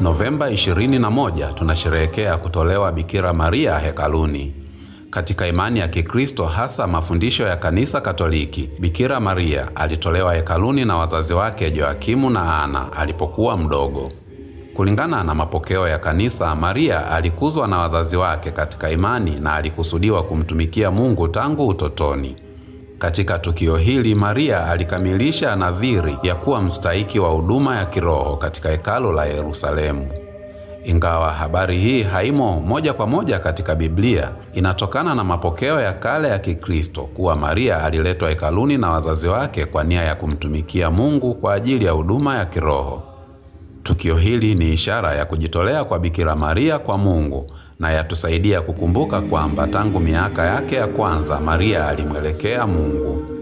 Novemba 21 tunasherehekea kutolewa Bikira Maria hekaluni. Katika imani ya Kikristo, hasa mafundisho ya Kanisa Katoliki, Bikira Maria alitolewa hekaluni na wazazi wake Joakimu na Ana alipokuwa mdogo. Kulingana na mapokeo ya Kanisa, Maria alikuzwa na wazazi wake katika imani na alikusudiwa kumtumikia Mungu tangu utotoni. Katika tukio hili, Maria alikamilisha nadhiri ya kuwa mstahiki wa huduma ya kiroho katika hekalo la Yerusalemu. Ingawa habari hii haimo moja kwa moja katika Biblia, inatokana na mapokeo ya kale ya Kikristo kuwa Maria aliletwa hekaluni na wazazi wake kwa nia ya kumtumikia Mungu kwa ajili ya huduma ya kiroho. Tukio hili ni ishara ya kujitolea kwa Bikira Maria kwa Mungu na yatusaidia kukumbuka kwamba tangu miaka yake ya kwanza Maria alimwelekea Mungu.